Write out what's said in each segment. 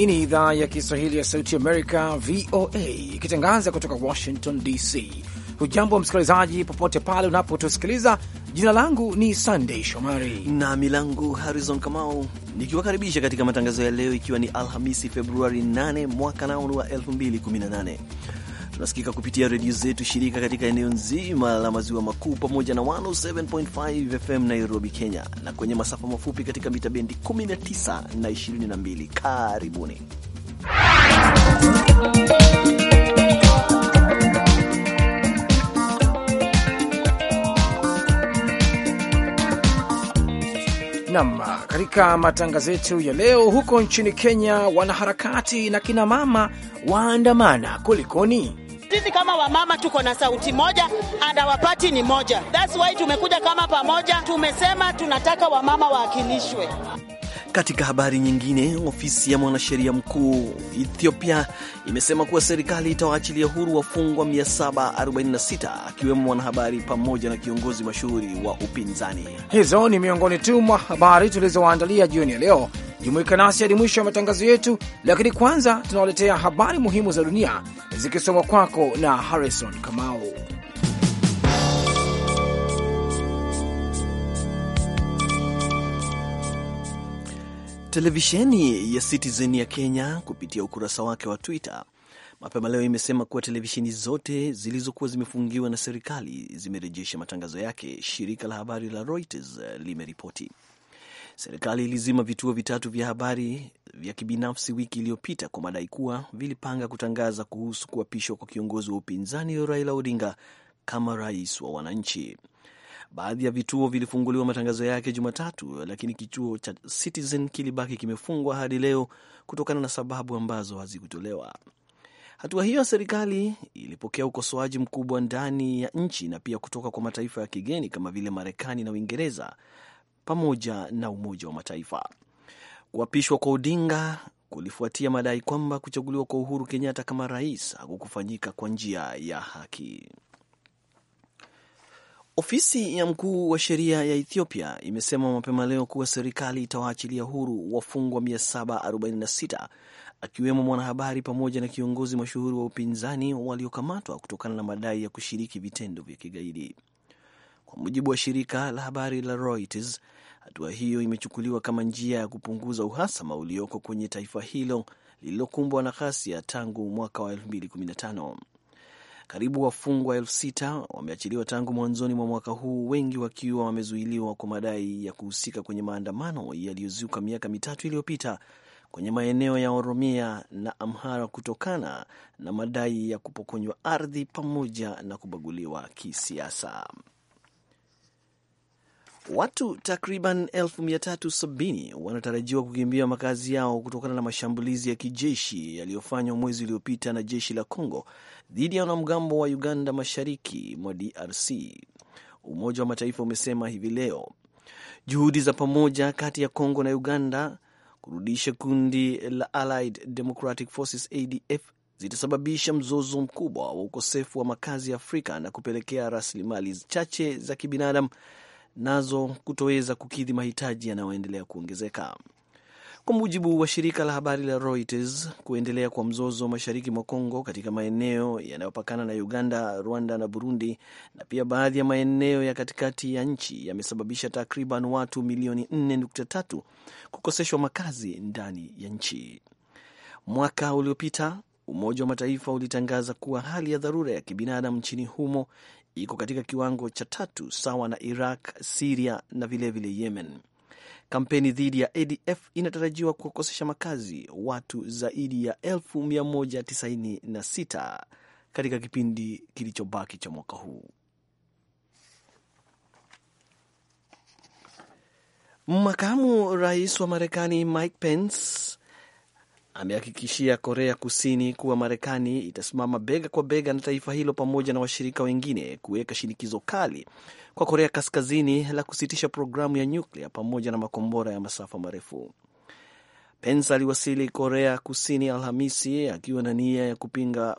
Hii ni idhaa ya Kiswahili ya Sauti Amerika, VOA, ikitangaza kutoka Washington DC. Hujambo msikilizaji, popote pale unapotusikiliza. Jina langu ni sandey Shomari na milangu Harrison Kamau, nikiwakaribisha katika matangazo ya leo, ikiwa ni Alhamisi Februari 8 mwaka nao wa 2018. Tunasikika kupitia redio zetu shirika katika eneo nzima la maziwa makuu pamoja na 107.5 FM Nairobi, Kenya, na kwenye masafa mafupi katika mita bendi 19 na 22. Karibuni Nam, katika matangazo yetu ya leo, huko nchini Kenya wanaharakati na kina mama waandamana. Kulikoni? Sisi kama wamama tuko na sauti moja and our party ni moja. That's why tumekuja kama pamoja, tumesema tunataka wamama waakilishwe. Katika habari nyingine, ofisi ya mwanasheria mkuu Ethiopia imesema kuwa serikali itawaachilia huru wafungwa 746 akiwemo mwanahabari pamoja na kiongozi mashuhuri wa upinzani. Hizo ni miongoni tu mwa habari tulizowaandalia jioni ya leo. Jumuika nasi hadi mwisho wa matangazo yetu, lakini kwanza tunawaletea habari muhimu za dunia zikisomwa kwako na Harrison Kamau. Televisheni ya Citizen ya Kenya kupitia ukurasa wake wa Twitter mapema leo imesema kuwa televisheni zote zilizokuwa zimefungiwa na serikali zimerejesha matangazo yake, shirika la habari la Reuters eh, limeripoti. Serikali ilizima vituo vitatu vya habari vya kibinafsi wiki iliyopita kwa madai kuwa vilipanga kutangaza kuhusu kuapishwa kwa kiongozi wa upinzani Raila Odinga kama rais wa wananchi. Baadhi ya vituo vilifunguliwa matangazo yake Jumatatu, lakini kituo cha Citizen kilibaki kimefungwa hadi leo kutokana na sababu ambazo hazikutolewa. Hatua hiyo ya serikali ilipokea ukosoaji mkubwa ndani ya nchi na pia kutoka kwa mataifa ya kigeni kama vile Marekani na Uingereza pamoja na Umoja wa Mataifa. Kuapishwa kwa Odinga kulifuatia madai kwamba kuchaguliwa kwa Uhuru Kenyatta kama rais hakukufanyika kwa njia ya haki. Ofisi ya mkuu wa sheria ya Ethiopia imesema mapema leo kuwa serikali itawaachilia huru wafungwa 746 akiwemo mwanahabari pamoja na kiongozi mashuhuri wa upinzani waliokamatwa kutokana na madai ya kushiriki vitendo vya kigaidi. Kwa mujibu wa shirika la habari la Reuters, hatua hiyo imechukuliwa kama njia ya kupunguza uhasama ulioko kwenye taifa hilo lililokumbwa na ghasia tangu mwaka wa 2015. Karibu wafungwa elfu sita wameachiliwa tangu mwanzoni mwa mwaka huu, wengi wakiwa wamezuiliwa kwa madai ya kuhusika kwenye maandamano yaliyozuka miaka mitatu iliyopita kwenye maeneo ya Oromia na Amhara kutokana na madai ya kupokonywa ardhi pamoja na kubaguliwa kisiasa. Watu takriban 370 wanatarajiwa kukimbia makazi yao kutokana na mashambulizi ya kijeshi yaliyofanywa mwezi uliopita na jeshi la Congo dhidi ya wanamgambo wa Uganda mashariki mwa DRC. Umoja wa Mataifa umesema hivi leo juhudi za pamoja kati ya Congo na Uganda kurudisha kundi la Allied Democratic Forces ADF zitasababisha mzozo mkubwa wa ukosefu wa makazi ya Afrika na kupelekea rasilimali chache za kibinadamu nazo kutoweza kukidhi mahitaji yanayoendelea kuongezeka. Kwa mujibu wa shirika la habari la Reuters, kuendelea kwa mzozo mashariki mwa Kongo katika maeneo yanayopakana na Uganda, Rwanda na Burundi, na pia baadhi ya maeneo ya katikati ya nchi yamesababisha takriban watu milioni 4.3 kukoseshwa makazi ndani ya nchi. Mwaka uliopita Umoja wa Mataifa ulitangaza kuwa hali ya dharura ya kibinadamu nchini humo iko katika kiwango cha tatu sawa na Iraq, Siria na vilevile vile Yemen. Kampeni dhidi ya ADF inatarajiwa kuwakosesha makazi watu zaidi ya 196 katika kipindi kilichobaki cha mwaka huu. Makamu rais wa Marekani Mike Pence amehakikishia Korea Kusini kuwa Marekani itasimama bega kwa bega na taifa hilo pamoja na washirika wengine kuweka shinikizo kali kwa Korea Kaskazini la kusitisha programu ya nyuklia pamoja na makombora ya masafa marefu. Pence aliwasili Korea Kusini Alhamisi akiwa na nia ya kupinga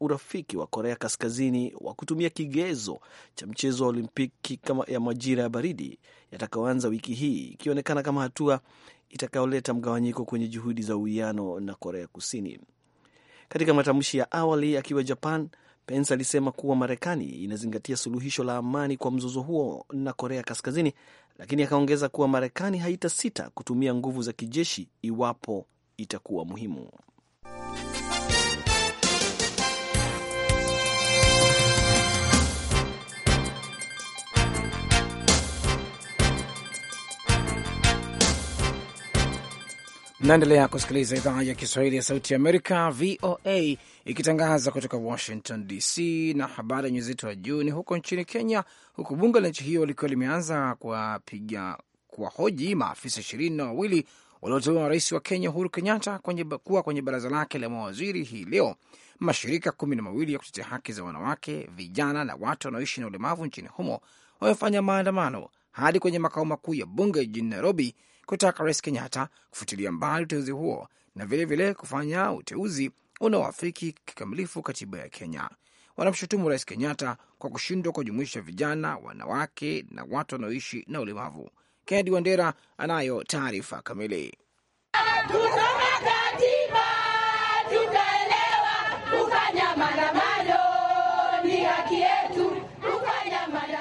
urafiki wa Korea Kaskazini wa kutumia kigezo cha mchezo wa Olimpiki kama ya majira ya baridi yatakaoanza wiki hii ikionekana kama hatua itakayoleta mgawanyiko kwenye juhudi za uwiano na Korea Kusini. Katika matamshi ya awali akiwa Japan, Pence alisema kuwa Marekani inazingatia suluhisho la amani kwa mzozo huo na Korea Kaskazini, lakini akaongeza kuwa Marekani haitasita kutumia nguvu za kijeshi iwapo itakuwa muhimu. Naendelea kusikiliza idhaa ya Kiswahili ya Sauti ya Amerika, VOA, ikitangaza kutoka Washington DC. Na habari yenye uzito wa juu ni huko nchini Kenya, huku bunge la nchi hiyo likiwa limeanza kuwapiga kuwahoji maafisa ishirini na wawili walioteuliwa na rais wa Kenya Uhuru Kenyatta kuwa kwenye baraza lake la mawaziri hii leo. Mashirika kumi na mawili ya kutetea haki za wanawake, vijana na watu wanaoishi na ulemavu nchini humo wamefanya maandamano hadi kwenye makao makuu ya bunge jijini Nairobi kutaka Rais Kenyatta kufutilia mbali uteuzi huo na vilevile vile kufanya uteuzi unaoafiki kikamilifu katiba ya Kenya. Wanamshutumu Rais Kenyatta kwa kushindwa kujumuisha vijana, wanawake na watu wanaoishi na ulemavu. Kennedy Wandera anayo taarifa kamili.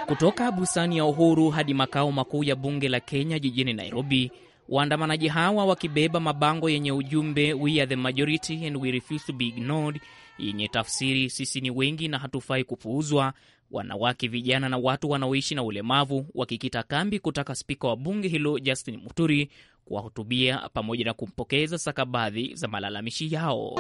Kutoka bustani ya Uhuru hadi makao makuu ya bunge la Kenya jijini Nairobi, waandamanaji hawa wakibeba mabango yenye ujumbe we are the majority and we refuse to be ignored, yenye tafsiri sisi ni wengi na hatufai kupuuzwa. Wanawake, vijana na watu wanaoishi na ulemavu wakikita kambi kutaka spika wa bunge hilo Justin Muturi kuwahutubia pamoja na kumpokeza sakabadhi za malalamishi yao.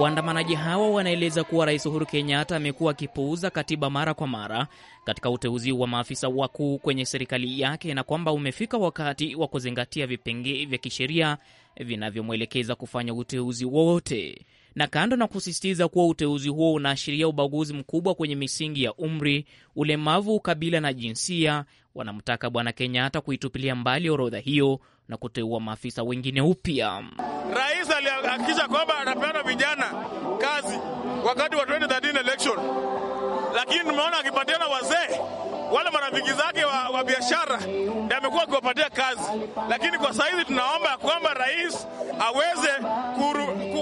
Waandamanaji hawa wanaeleza kuwa Rais Uhuru Kenyatta amekuwa akipuuza katiba mara kwa mara katika uteuzi wa maafisa wakuu kwenye serikali yake na kwamba umefika wakati wa kuzingatia vipengee vya kisheria vinavyomwelekeza kufanya uteuzi wowote. Na kando na kusisitiza kuwa uteuzi huo unaashiria ubaguzi mkubwa kwenye misingi ya umri, ulemavu, kabila na jinsia, wanamtaka Bwana Kenyatta kuitupilia mbali orodha hiyo na kuteua maafisa wengine upya. Rais alihakikisha kwamba vijana kazi wakati wa 2013 election, lakini tumeona akipatiana wazee wale marafiki zake wa, wa biashara ndiye amekuwa akiwapatia kazi, lakini kwa sahizi tunaomba ya kwamba rais aweze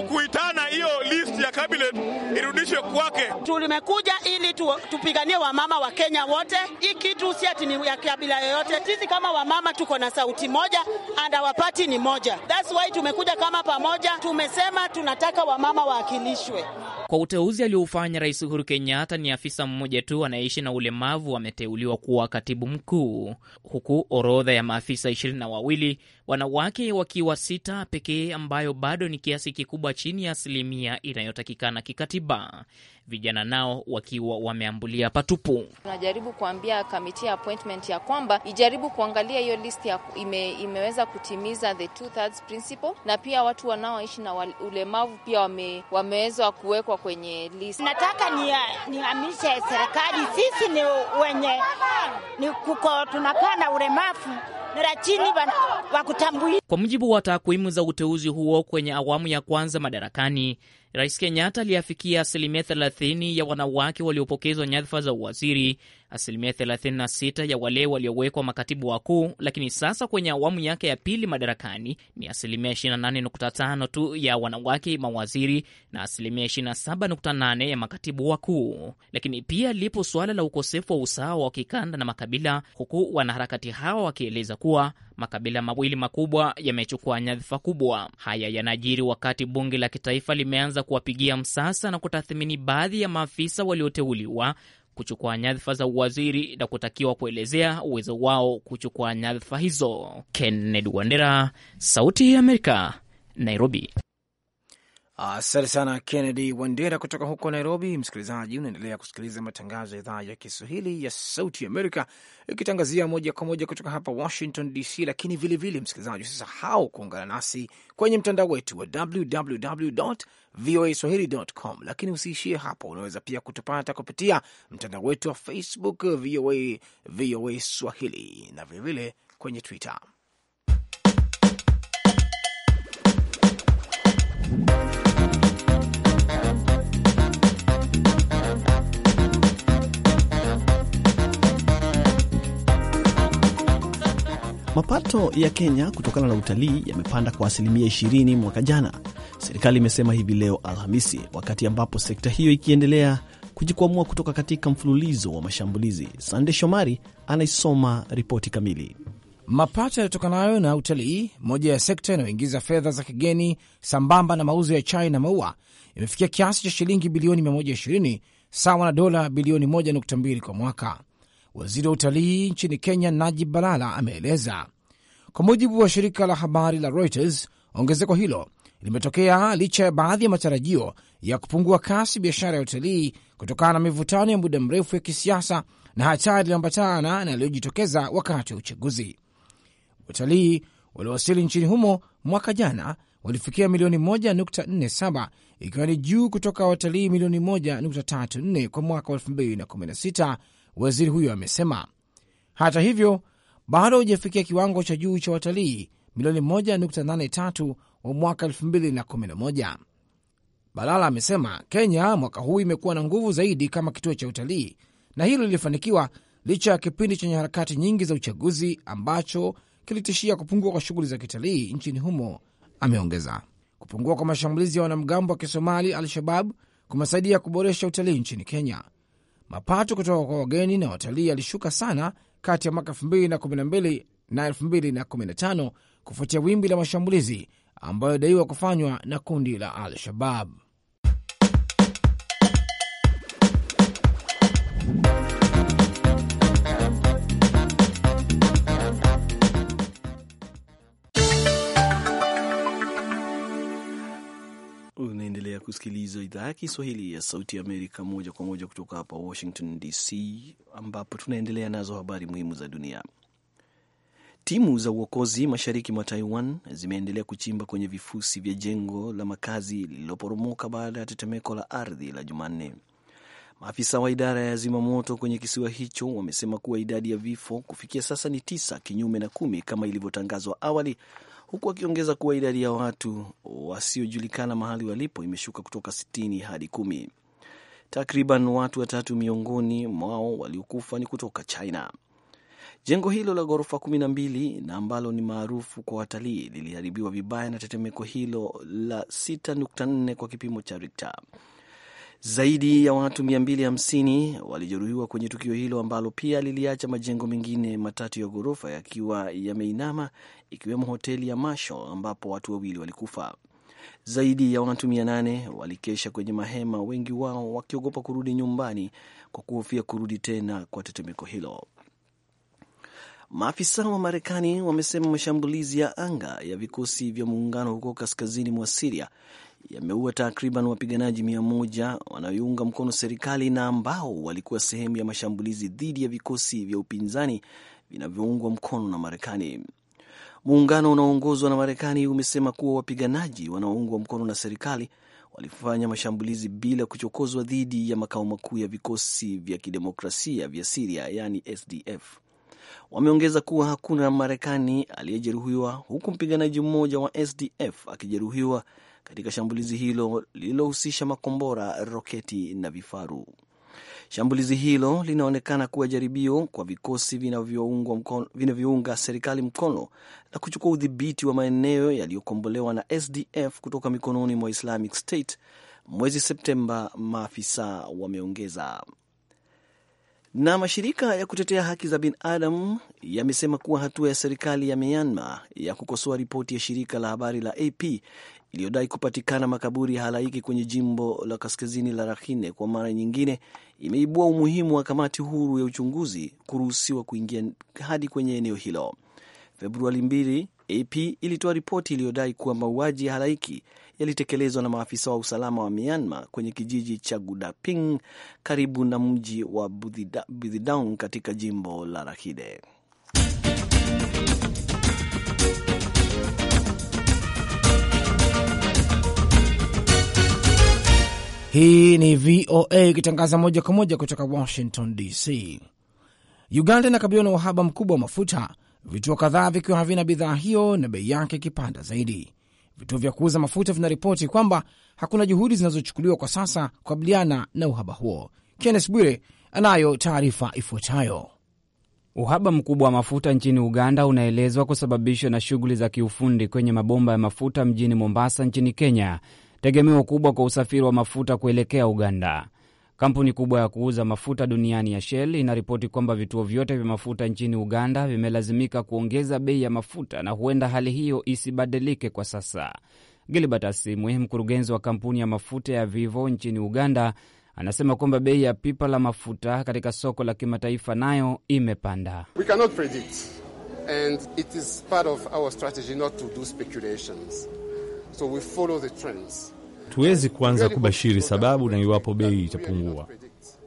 kuitana hiyo list ya cabinet irudishwe kwake. Tulimekuja ili tu, tupiganie wamama wa Kenya wote. Hii kitu si ati ni ya kabila yoyote, sisi kama wamama tuko na sauti moja and our party ni moja. That's why tumekuja kama pamoja, tumesema tunataka wamama waakilishwe. Kwa uteuzi aliofanya Rais Uhuru Kenyatta, ni afisa mmoja tu anayeishi na ulemavu ameteuliwa aliteuliwa kuwa katibu mkuu, huku orodha ya maafisa ishirini na wawili wanawake wakiwa sita pekee, ambayo bado ni kiasi kikubwa chini ya asilimia inayotakikana kikatiba, vijana nao wakiwa wameambulia patupu. Tunajaribu kuambia kamiti ya appointment ya kwamba ijaribu kuangalia hiyo list ya ime, imeweza kutimiza the two thirds principle, na pia watu wanaoishi na ulemavu pia wame, wameweza kuwekwa kwenye list. Nataka nihamishe ni serikali, sisi ni wenye ni kuko na ulemavu kwa mujibu wa takwimu za uteuzi huo kwenye awamu ya kwanza madarakani, Rais Kenyatta aliafikia asilimia 30 ya wanawake waliopokezwa nyadhifa za uwaziri Asilimia 36 ya wale waliowekwa makatibu wakuu, lakini sasa kwenye awamu yake ya pili madarakani ni asilimia 28.5 tu ya wanawake mawaziri na asilimia 27.8 ya makatibu wakuu. Lakini pia lipo suala la ukosefu wa usawa wa kikanda na makabila, huku wanaharakati hawa wakieleza kuwa makabila mawili makubwa yamechukua nyadhifa kubwa. Haya yanajiri wakati bunge la kitaifa limeanza kuwapigia msasa na kutathmini baadhi ya maafisa walioteuliwa kuchukua nyadhifa za uwaziri na kutakiwa kuelezea uwezo wao kuchukua nyadhifa hizo. Kennedy Wandera, Sauti ya Amerika, Nairobi. Asante sana Kennedy Wandera kutoka huko Nairobi. Msikilizaji, unaendelea kusikiliza matangazo ya idhaa ya Kiswahili ya Sauti Amerika ikitangazia moja kwa moja kutoka hapa Washington DC. Lakini vilevile, msikilizaji, usisahau kuungana nasi kwenye mtandao wetu wa www voa swahili.com. Lakini usiishie hapo, unaweza pia kutupata kupitia mtandao wetu wa Facebook VOA, VOA Swahili na vilevile kwenye Twitter. Mapato ya Kenya kutokana na utalii yamepanda kwa asilimia 20 mwaka jana, serikali imesema hivi leo Alhamisi, wakati ambapo sekta hiyo ikiendelea kujikwamua kutoka katika mfululizo wa mashambulizi. Sande Shomari anaisoma ripoti kamili. Mapato yaliyotokanayo na utalii, moja ya sekta inayoingiza fedha za kigeni sambamba na mauzo ya chai na maua, imefikia kiasi cha shilingi bilioni 120 sawa na dola bilioni 1.2 kwa mwaka. Waziri wa utalii nchini Kenya Najib Balala ameeleza. Kwa mujibu wa shirika la habari la Reuters, ongezeko hilo limetokea licha ya baadhi ya matarajio ya kupungua kasi biashara ya utalii kutokana na mivutano ya muda mrefu ya kisiasa na hatari iliyoambatana na yaliyojitokeza wakati wa uchaguzi. Watalii waliowasili nchini humo mwaka jana walifikia milioni 1.47 ikiwa ni juu kutoka watalii milioni 1.34 kwa mwaka 2016 waziri huyo amesema. Hata hivyo, bado hujafikia kiwango cha juu cha watalii milioni 1.83 wa mwaka 2011. Balala amesema Kenya mwaka huu imekuwa na nguvu zaidi kama kituo cha utalii, na hilo lilifanikiwa licha ya kipindi chenye harakati nyingi za uchaguzi ambacho kilitishia kupungua kwa shughuli za kitalii nchini humo. Ameongeza, kupungua kwa mashambulizi ya wanamgambo wa Kisomali Al-Shabab kumesaidia kuboresha utalii nchini Kenya, Mapato kutoka kwa wageni na watalii yalishuka sana kati ya mwaka 2012 na 2015 kufuatia wimbi la mashambulizi ambayo daiwa kufanywa na kundi la Al-Shabab. Unaendelea kusikiliza idhaa ya Kiswahili ya Sauti ya Amerika moja kwa moja kutoka hapa Washington DC, ambapo tunaendelea nazo habari muhimu za dunia. Timu za uokozi mashariki mwa Taiwan zimeendelea kuchimba kwenye vifusi vya jengo la makazi lililoporomoka baada ya tetemeko la ardhi la Jumanne. Maafisa wa idara ya zimamoto kwenye kisiwa hicho wamesema kuwa idadi ya vifo kufikia sasa ni tisa, kinyume na kumi kama ilivyotangazwa awali, huku akiongeza kuwa idadi ya watu wasiojulikana mahali walipo imeshuka kutoka 60 hadi kumi. Takriban watu watatu miongoni mwao waliokufa ni kutoka China. Jengo hilo la ghorofa kumi na mbili na ambalo ni maarufu kwa watalii liliharibiwa vibaya na tetemeko hilo la 6.4 kwa kipimo cha Richter. Zaidi ya watu 250 walijeruhiwa kwenye tukio hilo ambalo pia liliacha majengo mengine matatu ya ghorofa yakiwa yameinama, ikiwemo hoteli ya Masho ambapo watu wawili walikufa. Zaidi ya watu 800 walikesha kwenye mahema, wengi wao wakiogopa kurudi nyumbani kwa kuhofia kurudi tena kwa tetemeko hilo. Maafisa wa Marekani wamesema mashambulizi ya anga ya vikosi vya muungano huko kaskazini mwa Siria yameua takriban wapiganaji mia moja wanaoiunga mkono serikali na ambao walikuwa sehemu ya mashambulizi dhidi ya vikosi vya upinzani vinavyoungwa mkono na Marekani. Muungano unaoongozwa na Marekani umesema kuwa wapiganaji wanaoungwa mkono na serikali walifanya mashambulizi bila kuchokozwa dhidi ya makao makuu ya vikosi vya kidemokrasia vya Siria, yani SDF. Wameongeza kuwa hakuna Marekani aliyejeruhiwa huku mpiganaji mmoja wa SDF akijeruhiwa katika shambulizi hilo lililohusisha makombora, roketi na vifaru. Shambulizi hilo linaonekana kuwa jaribio kwa vikosi vinavyounga serikali mkono na kuchukua udhibiti wa maeneo yaliyokombolewa na SDF kutoka mikononi mwa Islamic State mwezi Septemba, maafisa wameongeza. Na mashirika ya kutetea haki za binadamu yamesema kuwa hatua ya serikali ya Myanmar ya kukosoa ripoti ya shirika la habari la AP iliyodai kupatikana makaburi ya halaiki kwenye jimbo la kaskazini la Rakhine kwa mara nyingine imeibua umuhimu wa kamati huru ya uchunguzi kuruhusiwa kuingia hadi kwenye eneo hilo. Februari 2 AP ilitoa ripoti iliyodai kuwa mauaji ya halaiki yalitekelezwa na maafisa wa usalama wa Myanmar kwenye kijiji cha Gudaping karibu na mji wa Buthidaung katika jimbo la Rakhine. Hii ni VOA ikitangaza moja kwa moja kutoka Washington DC. Uganda inakabiliwa na uhaba mkubwa wa mafuta, vituo kadhaa vikiwa havina bidhaa hiyo na bei yake ikipanda zaidi. Vituo vya kuuza mafuta vinaripoti kwamba hakuna juhudi zinazochukuliwa kwa sasa kukabiliana na uhaba huo. Kennes Bwire anayo taarifa ifuatayo. Uhaba mkubwa wa mafuta nchini Uganda unaelezwa kusababishwa na shughuli za kiufundi kwenye mabomba ya mafuta mjini Mombasa nchini Kenya tegemeo kubwa kwa usafiri wa mafuta kuelekea Uganda. Kampuni kubwa ya kuuza mafuta duniani ya Shell inaripoti kwamba vituo vyote vya mafuta nchini Uganda vimelazimika kuongeza bei ya mafuta na huenda hali hiyo isibadilike kwa sasa. Gilbert Asimwe, mkurugenzi wa kampuni ya mafuta ya Vivo nchini Uganda, anasema kwamba bei ya pipa la mafuta katika soko la kimataifa nayo imepanda. We cannot predict and it is part of our strategy not to do speculations So tuwezi kuanza kubashiri sababu na iwapo bei itapungua.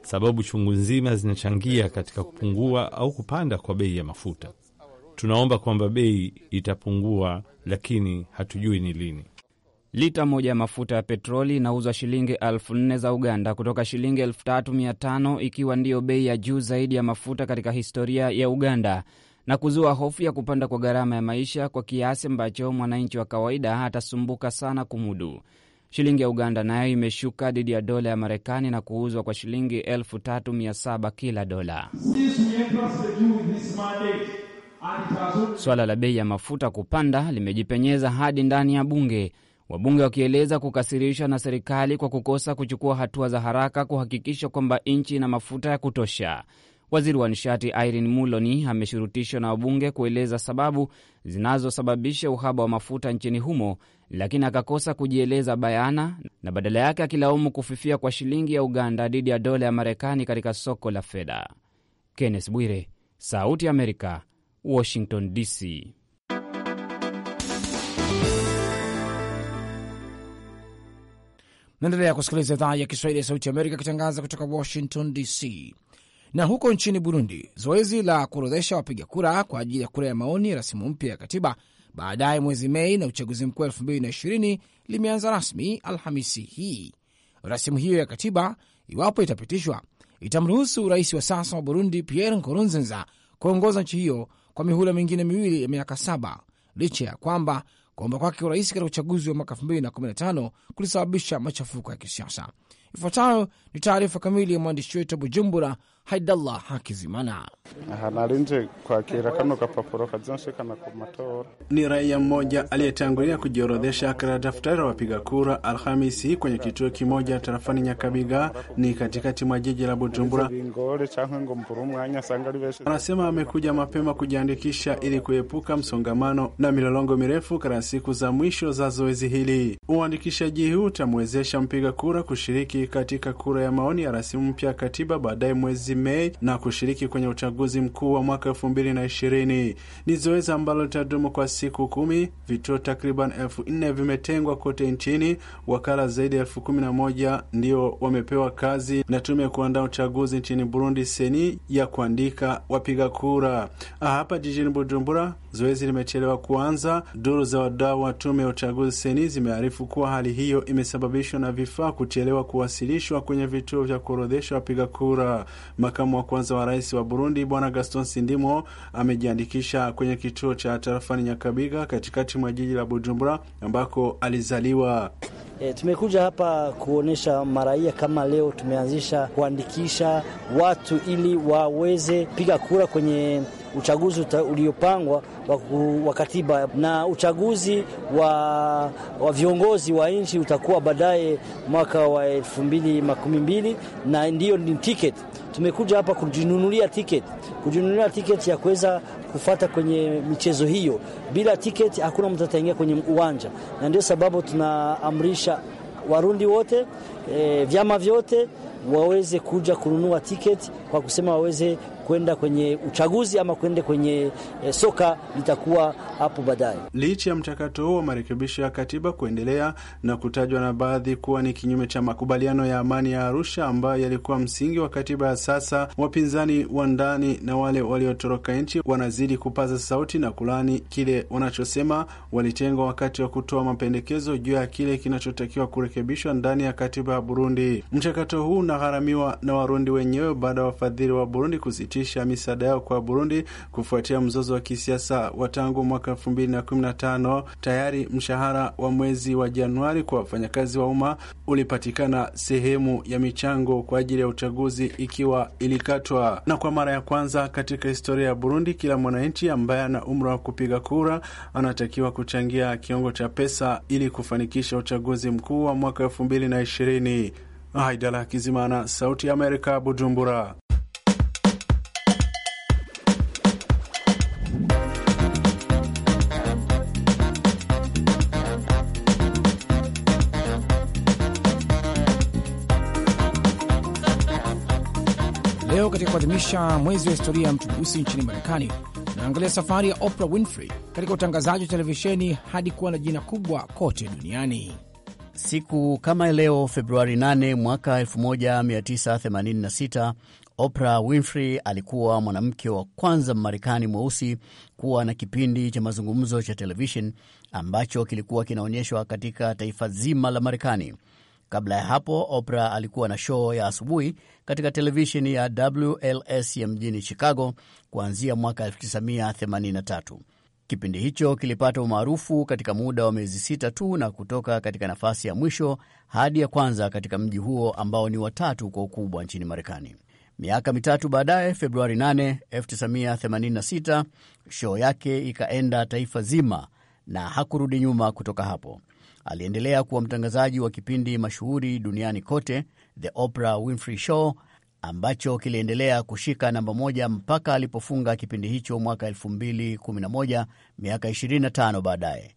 Sababu chungu nzima zinachangia katika kupungua au kupanda kwa bei ya mafuta. Tunaomba kwamba bei itapungua, lakini hatujui ni lini. Lita moja ya mafuta ya petroli inauzwa shilingi elfu nne za Uganda kutoka shilingi elfu tatu mia tano ikiwa ndiyo bei ya juu zaidi ya mafuta katika historia ya Uganda na kuzua hofu ya kupanda kwa gharama ya maisha kwa kiasi ambacho mwananchi wa kawaida atasumbuka sana kumudu. Shilingi ya Uganda nayo imeshuka dhidi ya dola ya Marekani na kuuzwa kwa shilingi 37 kila dola. Swala la bei ya mafuta kupanda limejipenyeza hadi ndani ya bunge, wabunge wakieleza kukasirishwa na serikali kwa kukosa kuchukua hatua za haraka kuhakikisha kwamba nchi ina mafuta ya kutosha. Waziri wa nishati Irene Muloni ameshurutishwa na wabunge kueleza sababu zinazosababisha uhaba wa mafuta nchini humo, lakini akakosa kujieleza bayana na badala yake akilaumu kufifia kwa shilingi ya Uganda dhidi ya dola ya Marekani katika soko la fedha. Kenneth Bwire, Sauti ya Amerika, Washington DC. Naendelea kusikiliza idhaa ya Kiswahili ya Sauti ya Amerika ikitangaza kutoka Washington DC. Na huko nchini Burundi, zoezi la kuorodhesha wapiga kura kwa ajili ya kura ya maoni ya rasimu mpya ya katiba baadaye mwezi Mei na uchaguzi mkuu 2020 limeanza rasmi Alhamisi hii. Rasimu hiyo ya katiba, iwapo itapitishwa, itamruhusu rais wa sasa wa Burundi Pierre Nkurunziza kuongoza nchi hiyo kwa mihula mingine miwili ya miaka saba, licha ya kwamba kuomba kwake urais katika uchaguzi wa mwaka 215 kulisababisha machafuko ya kisiasa. Ifuatayo ni taarifa kamili ya mwandishi wetu wa Bujumbura, Haidallah Hakizimana. Ni raia mmoja aliyetangulia kujiorodhesha katika daftari la wapiga kura Alhamisi kwenye kituo kimoja tarafani Nyakabiga, ni katikati mwa jiji la Bujumbura. Anasema amekuja mapema kujiandikisha ili kuepuka msongamano na milolongo mirefu katika siku za mwisho za zoezi hili. Uandikishaji huu utamwezesha mpiga kura kushiriki katika kura ya maoni ya rasimu mpya ya katiba baadaye mwezi Mei na kushiriki kwenye uchaguzi mkuu wa mwaka elfu mbili na ishirini. Ni zoezi ambalo litadumu kwa siku kumi. Vituo takriban elfu nne vimetengwa kote nchini. Wakala zaidi ya elfu kumi na moja ndio wamepewa kazi na tume ya kuandaa uchaguzi nchini Burundi seni ya kuandika wapiga kura. Ah, hapa jijini Bujumbura zoezi limechelewa kuanza. Duru za wadau wa tume ya uchaguzi seni zimearifu kuwa hali hiyo imesababishwa na vifaa kuchelewa kuwa kuwasilishwa kwenye vituo vya kuorodhesha wapiga kura. Makamu wa kwanza wa rais wa Burundi Bwana Gaston Sindimo amejiandikisha kwenye kituo cha tarafani Nyakabiga katikati mwa jiji la Bujumbura ambako alizaliwa. E, tumekuja hapa kuonyesha maraia kama leo tumeanzisha kuandikisha watu ili waweze piga kura kwenye uchaguzi uliopangwa wa katiba na uchaguzi wa, wa viongozi wa nchi utakuwa baadaye mwaka wa elfu mbili makumi mbili na ndiyo ni tiketi. Tumekuja hapa kujinunulia tiket kujinunulia tiketi ya kuweza kufata kwenye michezo hiyo. Bila tiketi hakuna mtu ataingia kwenye uwanja, na ndio sababu tunaamrisha Warundi wote e, vyama vyote waweze kuja kununua tiketi kwa kusema waweze kwenda kwenye uchaguzi ama kwende kwenye e, soka litakuwa hapo baadaye. Licha ya mchakato huo wa marekebisho ya katiba kuendelea na kutajwa na baadhi kuwa ni kinyume cha makubaliano ya amani ya Arusha ambayo yalikuwa msingi wa katiba ya sasa, wapinzani wa ndani na wale waliotoroka nchi wanazidi kupaza sauti na kulani kile wanachosema walitengwa wakati wa kutoa mapendekezo juu ya kile kinachotakiwa kurekebishwa ndani ya katiba ya Burundi. Mchakato huu unagharamiwa na Warundi wenyewe baada ya wafadhili wa Burundi kusit kusitisha misaada yao kwa Burundi kufuatia mzozo wa kisiasa wa tangu mwaka elfu mbili na kumi na tano. Tayari mshahara wa mwezi wa Januari kwa wafanyakazi wa umma ulipatikana sehemu ya michango kwa ajili ya uchaguzi ikiwa ilikatwa. Na kwa mara ya kwanza katika historia ya Burundi, kila mwananchi ambaye ana umri wa kupiga kura anatakiwa kuchangia kiwango cha pesa ili kufanikisha uchaguzi mkuu wa mwaka elfu mbili na ishirini. Haidala Kizimana, Sauti ya Amerika, Bujumbura. Leo katika kuadhimisha mwezi wa historia ya mtu mweusi nchini Marekani, tunaangalia safari ya Oprah Winfrey katika utangazaji wa televisheni hadi kuwa na jina kubwa kote duniani. Siku kama leo Februari 8 mwaka 1986 Oprah Winfrey alikuwa mwanamke wa kwanza Mmarekani mweusi kuwa na kipindi cha mazungumzo cha televishen ambacho kilikuwa kinaonyeshwa katika taifa zima la Marekani. Kabla ya hapo, Oprah alikuwa na show ya asubuhi katika televisheni ya WLS ya mjini Chicago kuanzia mwaka 1983. Kipindi hicho kilipata umaarufu katika muda wa miezi sita tu na kutoka katika nafasi ya mwisho hadi ya kwanza katika mji huo ambao ni watatu kwa ukubwa nchini Marekani. Miaka mitatu baadaye, Februari 8, 1986, show yake ikaenda taifa zima na hakurudi nyuma kutoka hapo. Aliendelea kuwa mtangazaji wa kipindi mashuhuri duniani kote, The Oprah Winfrey Show, ambacho kiliendelea kushika namba moja mpaka alipofunga kipindi hicho mwaka 2011, miaka 25 baadaye.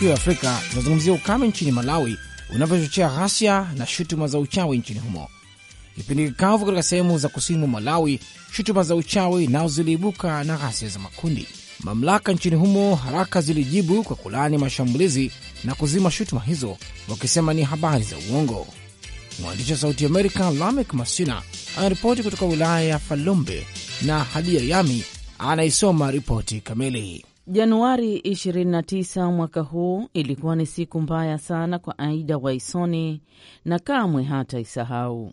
matukio ya Afrika, tunazungumzia ukame nchini Malawi unavyochochea ghasia na shutuma za uchawi nchini humo. Kipindi kikavu katika sehemu za kusini mwa Malawi, shutuma za uchawi nao ziliibuka na ghasia za makundi. Mamlaka nchini humo haraka zilijibu kwa kulaani mashambulizi na kuzima shutuma hizo, wakisema ni habari za uongo. Mwandishi wa Sauti Amerika Lamek Masina anaripoti kutoka wilaya ya Falombe na Hadia Yami anaisoma ripoti kamili. Januari 29 mwaka huu ilikuwa ni siku mbaya sana kwa Aida Waisoni na kamwe hata isahau.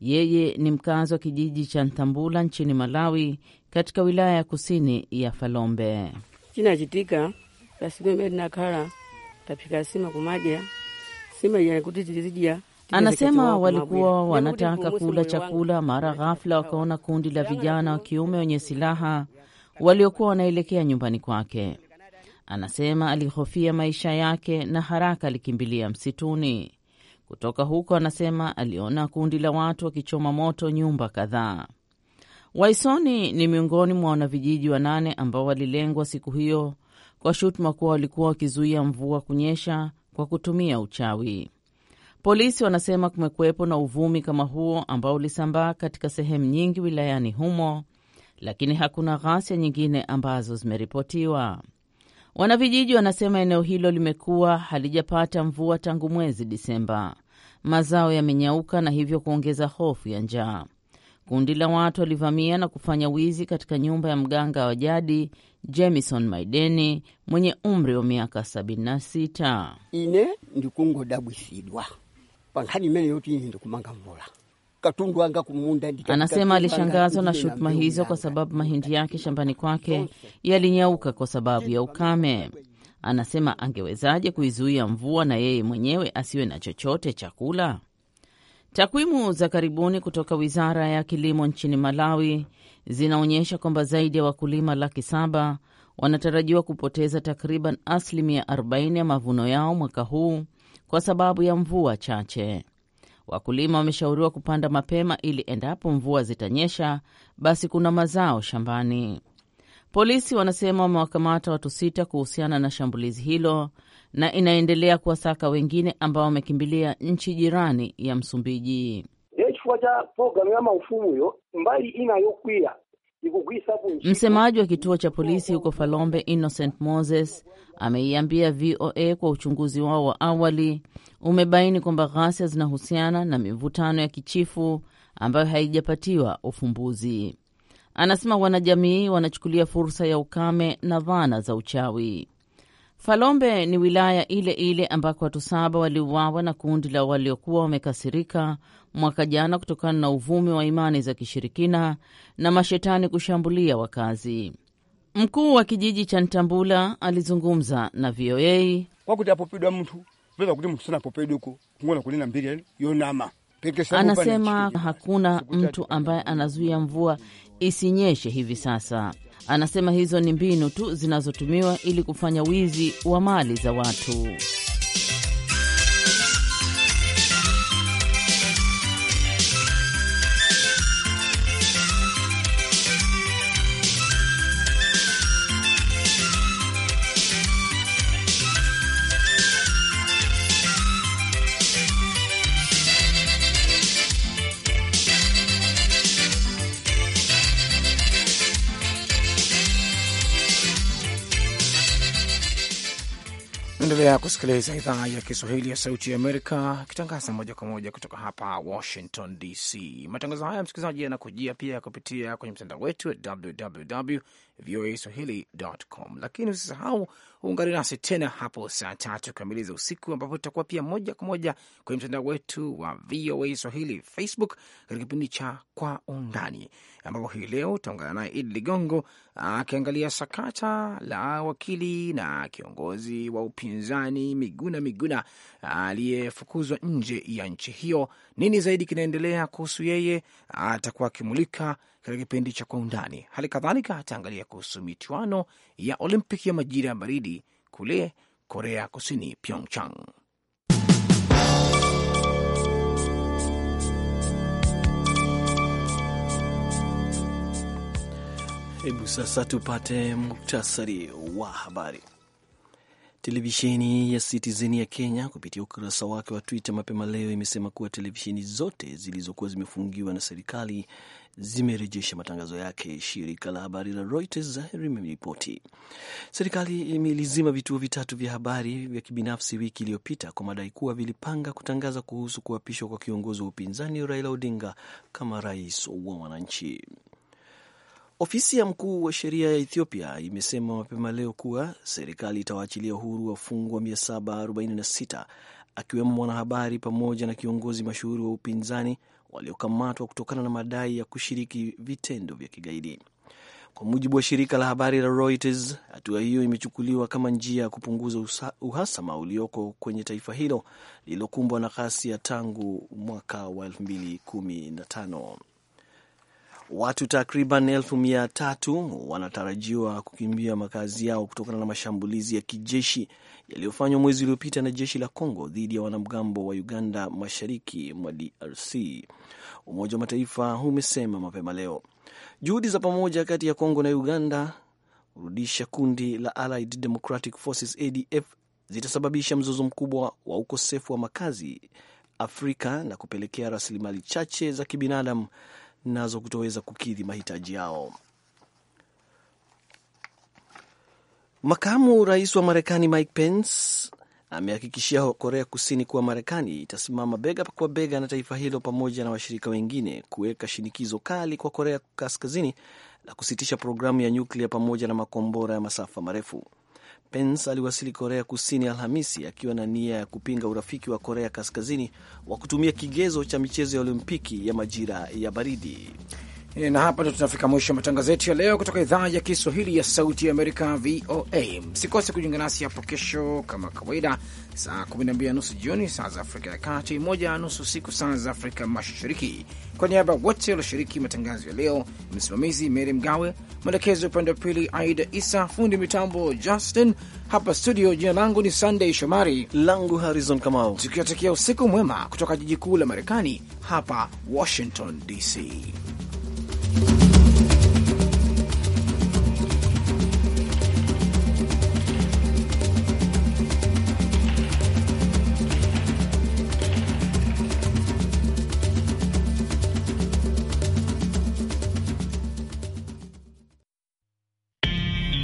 Yeye ni mkazi wa kijiji cha Ntambula nchini Malawi, katika wilaya ya kusini ya Falombe. chinachitika pasimemeri tapika sima kumaja sima yanikuti zilizija Anasema walikuwa wanataka kula chakula, mara ghafla wakaona kundi la vijana wa kiume wenye silaha waliokuwa wanaelekea nyumbani kwake. Anasema alihofia maisha yake na haraka alikimbilia msituni. Kutoka huko, anasema aliona kundi la watu wakichoma moto nyumba kadhaa. Waisoni ni miongoni mwa wanavijiji wanane ambao walilengwa siku hiyo kwa shutuma kuwa walikuwa wakizuia mvua kunyesha kwa kutumia uchawi. Polisi wanasema kumekuwepo na uvumi kama huo ambao ulisambaa katika sehemu nyingi wilayani humo lakini hakuna ghasia nyingine ambazo zimeripotiwa. Wanavijiji wanasema eneo hilo limekuwa halijapata mvua tangu mwezi Disemba. Mazao yamenyauka na hivyo kuongeza hofu ya njaa. Kundi la watu walivamia na kufanya wizi katika nyumba ya mganga wa jadi Jemison Maideni mwenye umri wa miaka 76. ine ndikungodabwisidwa pankhani imene yoti ine ndikumanga mvula Anasema alishangazwa na shutuma hizo kwa sababu mahindi yake shambani kwake yalinyauka kwa sababu ya ukame. Anasema angewezaje kuizuia mvua na yeye mwenyewe asiwe na chochote chakula. Takwimu za karibuni kutoka wizara ya kilimo nchini Malawi zinaonyesha kwamba zaidi ya wakulima laki saba wanatarajiwa kupoteza takriban asilimia 40 ya mavuno yao mwaka huu kwa sababu ya mvua chache. Wakulima wameshauriwa kupanda mapema ili endapo mvua zitanyesha, basi kuna mazao shambani. Polisi wanasema wamewakamata watu sita kuhusiana na shambulizi hilo na inaendelea kuwasaka wengine ambao wamekimbilia nchi jirani ya Msumbiji. Ekifuata programu ya maufumu yo mbali inayokwia Msemaji wa kituo cha polisi huko Falombe, Innocent Moses, ameiambia VOA kwa uchunguzi wao wa awali umebaini kwamba ghasia zinahusiana na mivutano ya kichifu ambayo haijapatiwa ufumbuzi. Anasema wanajamii wanachukulia fursa ya ukame na dhana za uchawi. Falombe ni wilaya ile ile ambako watu saba waliuawa na kundi la waliokuwa wamekasirika mwaka jana kutokana na uvumi wa imani za kishirikina na mashetani kushambulia wakazi. Mkuu wa kijiji cha Ntambula alizungumza na VOA apopidwa mtu veza kuti mtu sana popedi huko kungona na mbili yonama Anasema hakuna mtu ambaye anazuia mvua isinyeshe hivi sasa. Anasema hizo ni mbinu tu zinazotumiwa ili kufanya wizi wa mali za watu. Endelea kusikiliza idhaa ya Kiswahili ya Sauti ya Amerika ikitangaza moja kwa moja kutoka hapa Washington DC. Matangazo haya msikilizaji yanakujia pia kupitia kwenye mtandao wetu wa www voa Lakini usisahau uungane nasi tena hapo saa tatu kamili za usiku, ambapo tutakuwa pia moja kwa moja kwenye mtandao wetu wa VOA Swahili Facebook katika kipindi cha Kwa Undani, ambapo hii leo utaungana naye Idi Ligongo akiangalia sakata la wakili na kiongozi wa upinzani Miguna Miguna aliyefukuzwa nje ya nchi hiyo. Nini zaidi kinaendelea kuhusu yeye? Atakuwa akimulika katika kipindi cha Kwa Undani. Hali kadhalika ataangalia kuhusu michuano ya olimpik ya majira ya baridi kule Korea Kusini, Pyeongchang. Hebu sasa tupate muktasari wa habari. Televisheni ya Citizen ya Kenya kupitia ukurasa wake wa Twitter mapema leo imesema kuwa televisheni zote zilizokuwa zimefungiwa na serikali zimerejesha matangazo yake, shirika la habari la Reuters limeripoti. Serikali imelizima vituo vitatu vya habari vya kibinafsi wiki iliyopita kwa madai kuwa vilipanga kutangaza kuhusu kuapishwa kwa kiongozi wa upinzani Raila Odinga kama rais wa wananchi. Ofisi ya mkuu wa sheria ya Ethiopia imesema mapema leo kuwa serikali itawaachilia huru wafungwa 746 akiwemo mwanahabari pamoja na kiongozi mashuhuri wa upinzani waliokamatwa kutokana na madai ya kushiriki vitendo vya kigaidi. Kwa mujibu wa shirika la habari la Reuters, hatua hiyo imechukuliwa kama njia ya kupunguza uhasama ulioko kwenye taifa hilo lililokumbwa na ghasia tangu mwaka wa 2015. Watu takriban elfu mia tatu wanatarajiwa kukimbia makazi yao kutokana na mashambulizi ya kijeshi yaliyofanywa mwezi uliopita na jeshi la Congo dhidi ya wanamgambo wa Uganda mashariki mwa DRC, Umoja wa Mataifa umesema mapema leo. Juhudi za pamoja kati ya Congo na Uganda kurudisha kundi la Allied Democratic Forces ADF zitasababisha mzozo mkubwa wa ukosefu wa makazi Afrika na kupelekea rasilimali chache za kibinadamu nazo kutoweza kukidhi mahitaji yao. Makamu rais wa Marekani Mike Pence amehakikishia Korea Kusini kuwa Marekani itasimama bega kwa bega na taifa hilo pamoja na washirika wengine kuweka shinikizo kali kwa Korea Kaskazini la kusitisha programu ya nyuklia pamoja na makombora ya masafa marefu. Pence aliwasili Korea Kusini Alhamisi akiwa na nia ya kupinga urafiki wa Korea Kaskazini wa kutumia kigezo cha michezo ya Olimpiki ya majira ya baridi. Eh, na hapa ndo tunafika mwisho wa matangazo yetu ya leo kutoka idhaa ya Kiswahili ya Sauti ya Amerika, VOA. Msikose kujiunga nasi hapo kesho kama kawaida, saa 12 na nusu jioni, saa za Afrika ya Kati, moja na nusu siku saa za Afrika Mashariki. Kwa niaba ya wote walioshiriki matangazo ya leo, msimamizi Mary Mgawe, mwelekezo upande wa pili Aida Isa, fundi mitambo Justin hapa studio. Jina langu ni Sunday Shomari langu Harizon Kamau, tukiwatakia usiku mwema kutoka jiji kuu la Marekani, hapa Washington DC. Bye.